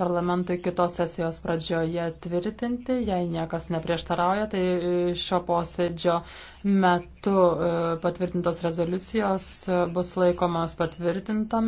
parlamentui kitos sesijos pradžioje tvirtinti. Jei niekas neprieštarauja, tai e, šio posėdžio metu e, patvirtintos rezoliucijos e, bus laikomas patvirtintomis.